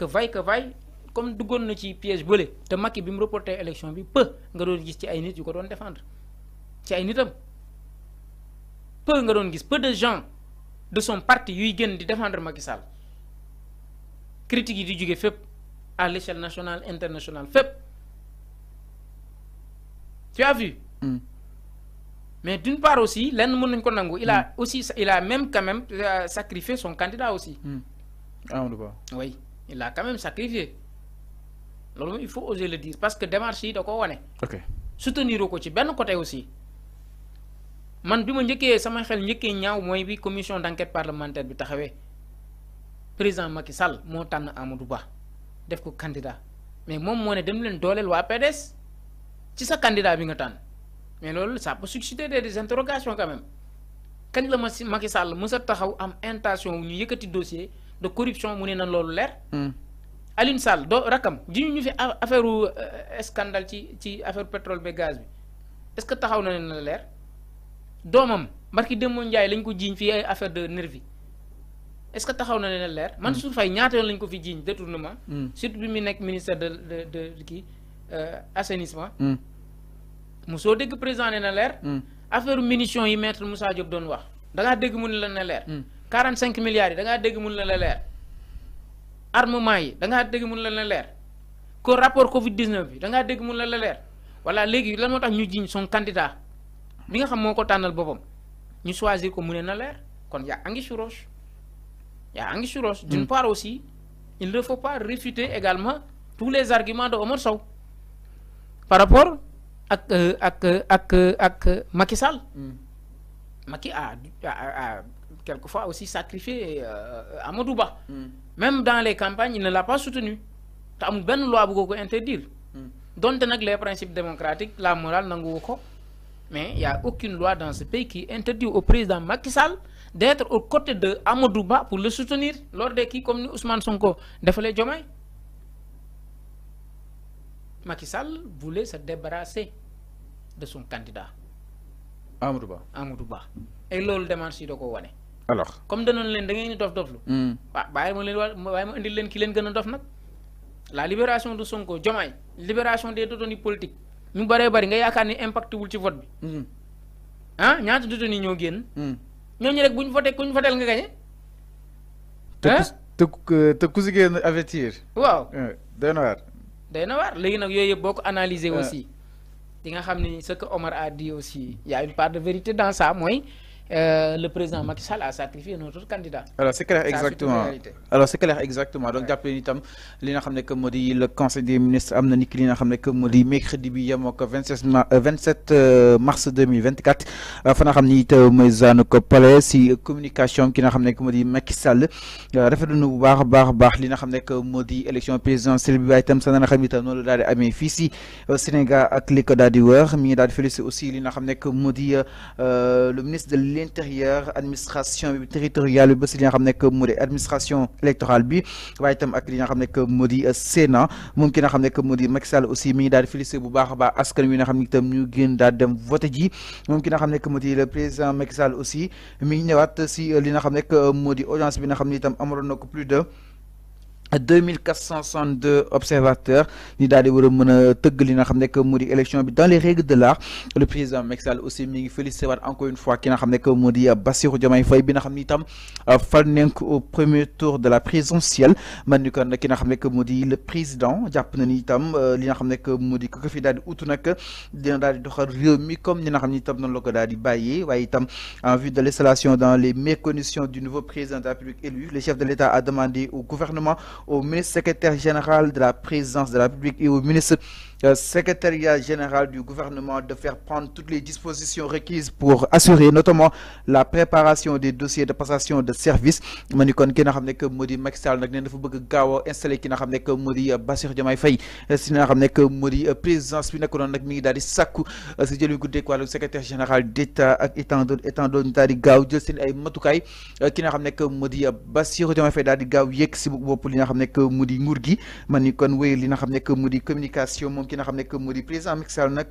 que vaille que vaille comme duggoon na ci piège bële te Macky bi reporter reporté élection bi peu nga doon gis ci ay nit yu ko don défendre ci ay nitam peu nga gis peu de gens de son parti yu gën di défendre Macky Sall critiques yi di jugé fep à l'échelle nationale internationale fep tu as vu mm. mais d'une part aussi lenn mën nañ ko nangu il a mm. aussi il a même quand même euh, sacrifié son candidat aussi Ah on le voit. oui il a quand même sacrifié il faut oser le dire parce que démarche yi da koo ok soutenir ko ci benn côté aussi man bi ma njëkkee sama xel njëkkee ñaaw mooy bi commission d'enquête parlementaire bi taxawee président Macky Sall moo tànn Amadou Ba def ko candidat mais moom moo ne dem leen dooleel waa PDS ci sa candidat bi nga tànn mais l'ol ça peut susciter des interrogations quand même Quand le Macky Sall mës a taxaw am intention wu ñu yëkkati dossier de corruption mu nan na loolu leer. Hmm. Alioune Sall do rakam ji ñu fi affaireu euh, scandale ci ci affaire pétrole be gaz bi est-ce que taxaw na leen na leer domam barki Demba Ndiaye lañ ko jiñ fi ay affaire de nervi est-ce que taxaw na leen leer. Hmm. Mansour Faye ñaata yoon lañ ko fi jiñ détournement. Hmm. surtout bi mi nek ministère de de de euh assainissement. mu so dégg président na leer. affaire munitions yi maître Moussa Diop doon wax da nga dégg mu ne la na 45 milliards yi da ngaa dégg mun la la leer armement yi da dégg mun la la leer ko rapport Covid 19 bi da ngaa dégg mun la la leer voilà léegi lan moo tax ñu jiñ son candidat bi nga xam moo ko tànnal boppam ñu choisir ko mu ne na leer kon yaa a ngi roche yaa a ngi sur roche. d'une mm. part aussi il ne faut pas également tous les arguments de Omar Sow par rapport ak euh, ak euh, ak euh, ak Macky Sall. Mm. Macky quelquefois aussi sacrifié à euh, hmm. Même dans les campagnes, il ne l'a pas soutenu. y a une loi pour interdire. Hmm. Donc, les principes démocratiques, la morale, mais il n'y a aucune loi dans ce pays qui interdit au président Macky Sall d'être aux côtés de Amadouba pour le soutenir lors de qui, comme Ousmane Sonko, fallait jamais. Macky Sall voulait se débarrasser de son candidat. Amadouba et Et l'autre démarche, il alors comme danoon leen da ngeen di dof doflu. Hmm. waaw bàyyi ma leen wa bàyyi ma indil leen ki leen gën a dof nag la libération de Sonko Diomaye libération des détenus politiques ñu bëree bëri nga yaakaar ni impact wul ci vote bi. Hmm. ah ñaata détenus ñoo génn. Hmm. ñooñu rek bu ñu voté ku ñu votel nga gañe. Ah? te ku euh, te ku si génn avertir. waaw euh, day na waar. léegi nag yooyu yëpp boo ko analyser euh. aussi di nga xam ni ce que Omar a dit aussi y une part de vérité dans ça mooy. Euh, le président Macky Sall a sacrifié notre candidat. Alors c'est clair exactement. Alors c'est clair exactement. donc d'après ni li que Modi le conseil des ministres am na ni li que mercredi bi yemoo ko 27 27 mars 2024 euh, fa nga xam ni it euh, palais si communication qui n'a xam que Modi Macky Sall rafetlu na bu baax a baax baax li ne que Modi élections élection présidentielle bi itam sax na nga xam la daal Sénégal ak li ko daal di wër mi aussi li nga que Modi le ministre de l'intérieur administration territoriale bi ba li nga xamné que modi administration électorale bi waye tam ak li nga xamné que modi euh, Sénat mom ki nga xamné que modi Macky Sall aussi mi ngi daal di félicité bu baax a baax askan wi nga xamné tam ñu génn daal dem voté ji mom ki nga xamné que modi le président Macky Sall aussi mi ngi ñëwaat si euh, li nga xamné que euh, Modi audience bi nga xamné tam itam amaloon plus de 2462 observateurs ni daal wara war a mën a tëgg li nga xam nekk moo élection bi dans les règles de l'art le président Macky Sall aussi mi ngi félicité waat encore une fois ki nga xamné que moo Bassirou Diomaye Faye bi nga xamni tam itam fal nañ au premier tour de la présidentielle man ni kon ki nga xamné que moo le président japp na ni tam euh, li nga xamné que moo ko fi daal di nak dina daal di doxal réew mi comme ni nga xamni tam non noonu la ko daal di bàyyee waaye itam en vue de l'installation dans les meilleures conditions du nouveau président de la République élu le chef de l'État a demandé au gouvernement au ministre secrétaire général de la présidence de la République et au ministre euh, secrétariat général du gouvernement de faire prendre toutes les dispositions requises pour assurer notamment la préparation des dossiers de passation de service Manu ni kon ki nga xam ne que installé ki nga bassir que moo di euh, Diomaye euh, si que présidence bi nekk di sàkku si jël guddeeg secrétaire général d'État étant donné étant donné daal di gaaw jël seen ay matukaay ki nga xam ne que moo di Diomaye di si li nga que communication ki nga xam ne que moo di président Macky Sall nag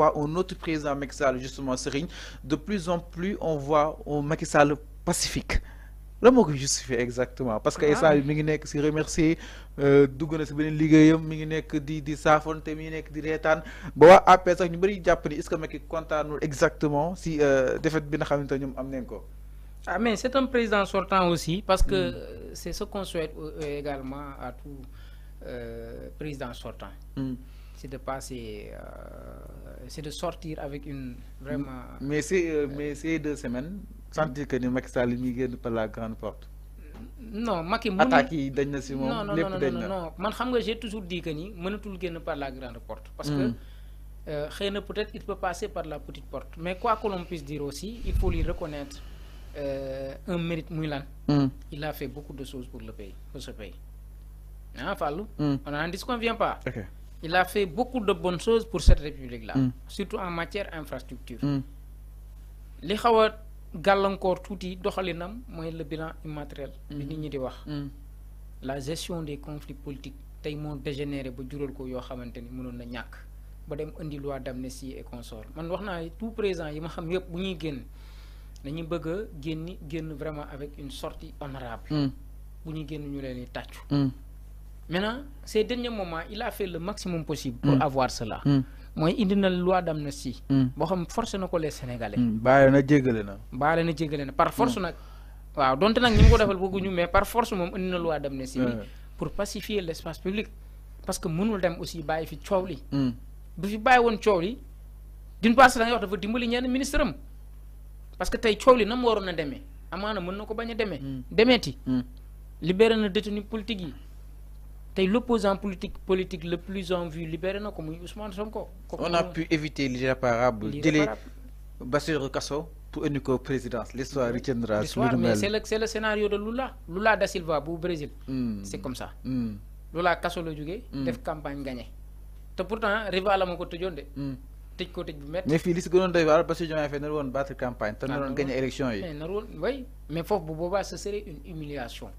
voit un autre président Macky Sall justement Serigne de plus en plus on voit un Macky Sall pacifique que je suis fait exactement parce que ça, ah. il mi ngi nekk si remercier euh, dugg na bien beneen liggéeyam que ngi dit di di saafonte mi que dit di à ba waa APR sax ñu bëri ni est-ce que Macky nous exactement si des faits de à ñoom am ko ah mais c'est un président sortant aussi parce que mm. c'est ce qu'on souhaite euh, également à tout euh, président sortant mm c'est de passer, euh, c'est de sortir avec une vraiment. Mais euh, mais ces deux semaines, sans dire que Macky Sall mi par la grande porte. non Macky qui attaques yi dañ na non non non non non man xam nga j'ai toujours dit que ni meunatul génn par la grande porte. parce que rien mm. euh, ne peut-être il peut passer par la petite porte mais quoi que l'on puisse dire aussi il faut lui reconnaître un mérite mm. il a fait beaucoup de choses pour le pays pour ce pays ah Fallou. Mm. on vient vient pas. Il a fait beaucoup de bonnes choses pour cette République-là, mm. surtout en matière infrastructure. Mm. li qui est tout tuuti doxalinam mooy le bilan immatériel. li mm. di la gestion des conflits politiques est un dégénéré ba jural ko yoo xamante ni na ba loi d'amnistie et consort man wax tout présent. yi ma xam yëpp bu ñuy génn bëgg vraiment avec une sortie honorable bu ñuy ñu leen Maintenant, ces derniers moments, il a fait le maximum possible pour mm. avoir cela. Mm. mooy indi na loi d'amnistie. boo xam forcé na ko les sénégalais. Mm. baale na jéggale na. baale na jéggale na par force mm. nag. waaw donte nag ñi mu ko defal bëgguñu mais par force moom indi na loi d'amnistie bi. pour pacifier l'espace public. parce que mënul dem aussi bàyyi fi coow li. bu mm. fi bàyyi woon coow li d'une part da ngay wax dafa dimbali ñenn ministre am parce que tey coow li na mu waroon a demee amaana mën na ko bañ a demee. demeeti libéré na détenu politique yi. tey l'opposant politique politique le plus en vue libéré comme muy Ousmane Sonko. on a pu éviter l'irréparable. délai. Bassirou Kasso pour une co présidence l'histoire retiendra sur mais c'est le scénario de Lula Lula da Silva au Brésil. Hmm. c'est comme ça. Hmm. Lula Kasso le le hmm. def campagne gagné. te pourtant rival à mon côté de. ko mais fii li parce que j'ai battre campagne te nar gagné l'élection. mais oui mais il faut que ce serait une humiliation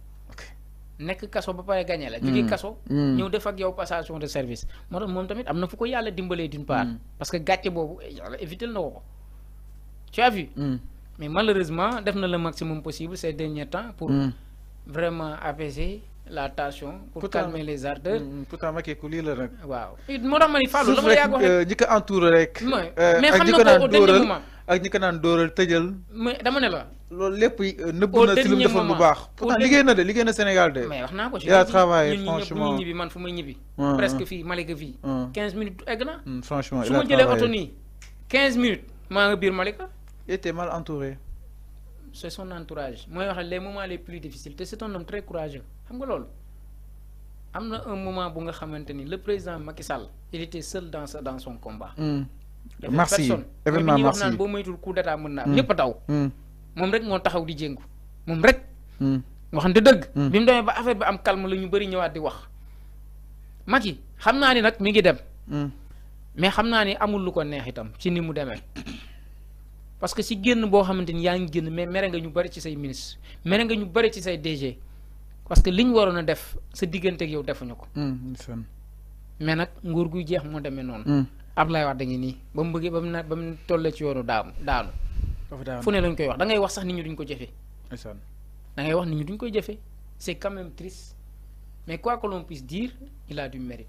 nek kasso ba pare gagné la. djigi mm. kasso mm. ñeu def ak yow passation de service. moo tax moom tamit amna fuko yalla ko d'une part. Mm. parce que gatché bobu eh, yalla éviter na ko tu as vu. mais malheureusement def na le maximum possible ces derniers temps pour. vraiment apaiser la tension. pour calmer les ardeurs. tout à fait ku lii la nag. waaw moo tax ma ni rek. djika euh, ko rek. Euh, mais xam na ko de moment ak ñi ko naan dóoral tëjal. mais dama ne la. loolu lépp euh, nëbbu na ci lu mu lu bax pourtant liggéey na de liggéey na Sénégal de. mais wax naa ko ci yaa travaille. franchement ñun man fumay ñibi presque fi, Malika fii. 15 minutes egg na. Hmm, franchement su ma jëlee oto 15 minutes ma nga bir Malika. il était mal entouré. c'est son entourage moy wax les moments les plus difficiles te c'est un homme très courageux xam nga loolu. am un moment bu nga xamante le président Macky Sall il était seul dans sa dans son combat. Hmm. merci événement merci naan boo moytul coup d'état mën na am taw hmm. mom hmm. rek mo taxaw di jengu mom rek hmm. waxante deug bimu mu ba affaire bi am calme la ñu bari ñëwaat di wax maki xamna ni nak mi ngi dem mais xamna ni amul lu ko neex itam ci ni mu demee parce que ci génn bo xamanteni ni génn mais mere nga ñu bari ci say ministre mere nga ñu bari ci say DG parce que liñ warona def sa digënté ak yow defuñu ko mais nak nguur guy jeex mo demee non Abdoulaye Wade ngi nii ba mu bëggee bam mu na ba ci yoonu daam daanu. fune ne lañ koy wax da ngay wax sax nit duñ ko jëfe da ngay wax nit duñ koy jëfé c'est quand même triste mais quoi que l'on puisse dire il a du mérite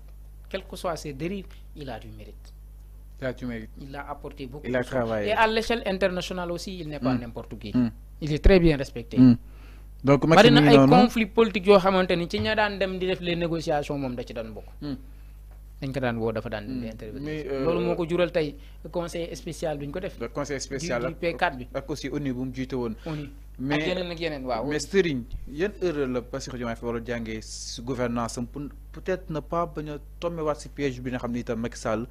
Quel que soit ses dérives il a du mérite. il a du mérite. il a apporté beaucoup. il a travaillé et à l'échelle internationale aussi il n'est pas mm. n'importe qui. Mm. il est très bien respecté. Mm. donc Macky bari na ay conflits politiques yo xamante ci ña daan dem di def les négociations mom da ci doon bokk. dañ ko daan woo dafa daan. Hmm. mais euh, loolu moo ko jural tey conseil spécial duñ ko def. conseil spécial ak P4 bi. ak aussi ONU bu mu jiite woon. ONU ak yeneen ak yeneen waaw. mais Serigne yan erreur la Bassirou Diomaye Faye war a jàngee si gouvernance am pour peut-être ne pas bañ a tombewaat si piège bi nga xam ni itam Macky Sall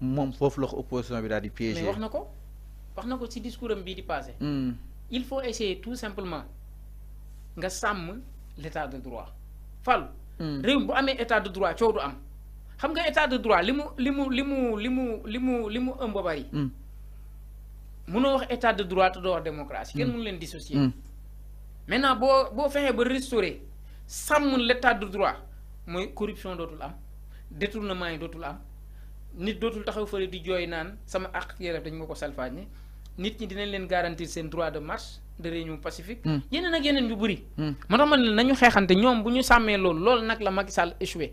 moom foofu la ko opposition bi daal di piégé. mais wax na ko wax na ko si discours am bii di passé. Hmm. il faut essayer tout simplement nga sàmm l' état de droit Fall. Hmm. réew bu amee état de droit coow du am. xam nga état de droit li mu li mu li mu li mu li mu li mu ëmb bari. mënoo mm. wax état de droit te doo wax démocratie. kenn mm. mënu leen dissocier. Mm. maintenant boo boo fexee ba restaurer sàmm l' état de droit mooy corruption dootul am détournement yi dootul am nit dootul taxaw fële di jooy naan sama àq yelleef dañ ma ko salfaañe nit ñi dinañ leen garantir seen droit de marche de réunion pacifique. yeneen ak yeneen yu bëri. moo tax ma ne nañu xeexante ñoom bu ñu sàmmee loolu loolu nag la Macky Sall échoué.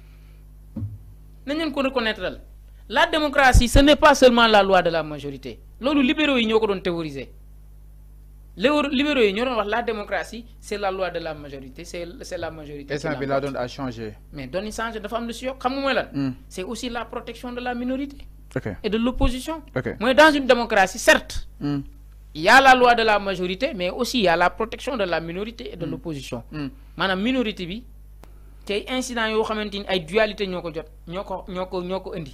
reconnaître la démocratie ce n'est pas seulement la loi de la majorité Les libéraux yi ñoo libéraux la démocratie c'est la loi de la majorité c'est la majorité. Et ça, donne a changé. mais donne yi changé dafa am hmm. c'est aussi la protection de la minorité. et de l'opposition. mais dans une démocratie certes. Hmm. il y a la loi de la majorité mais aussi il y a la protection de la minorité et de hmm. l'opposition. la minorité bi. tey incident yoo xamante ni ay dualité ñoo ko jot ñoo ko ñoo ko ñoo ko indi